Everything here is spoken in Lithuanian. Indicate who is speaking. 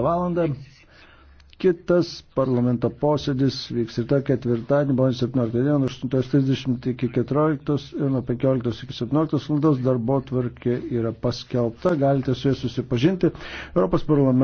Speaker 1: valandą. Kitas parlamento posėdis vyks ir tą ketvirtadienį, balandžio 17 dieną, 8.30 iki 14 ir nuo 15 iki 17 valandos darbo tvarkė yra paskelbta, galite su jais susipažinti. Europos parlamento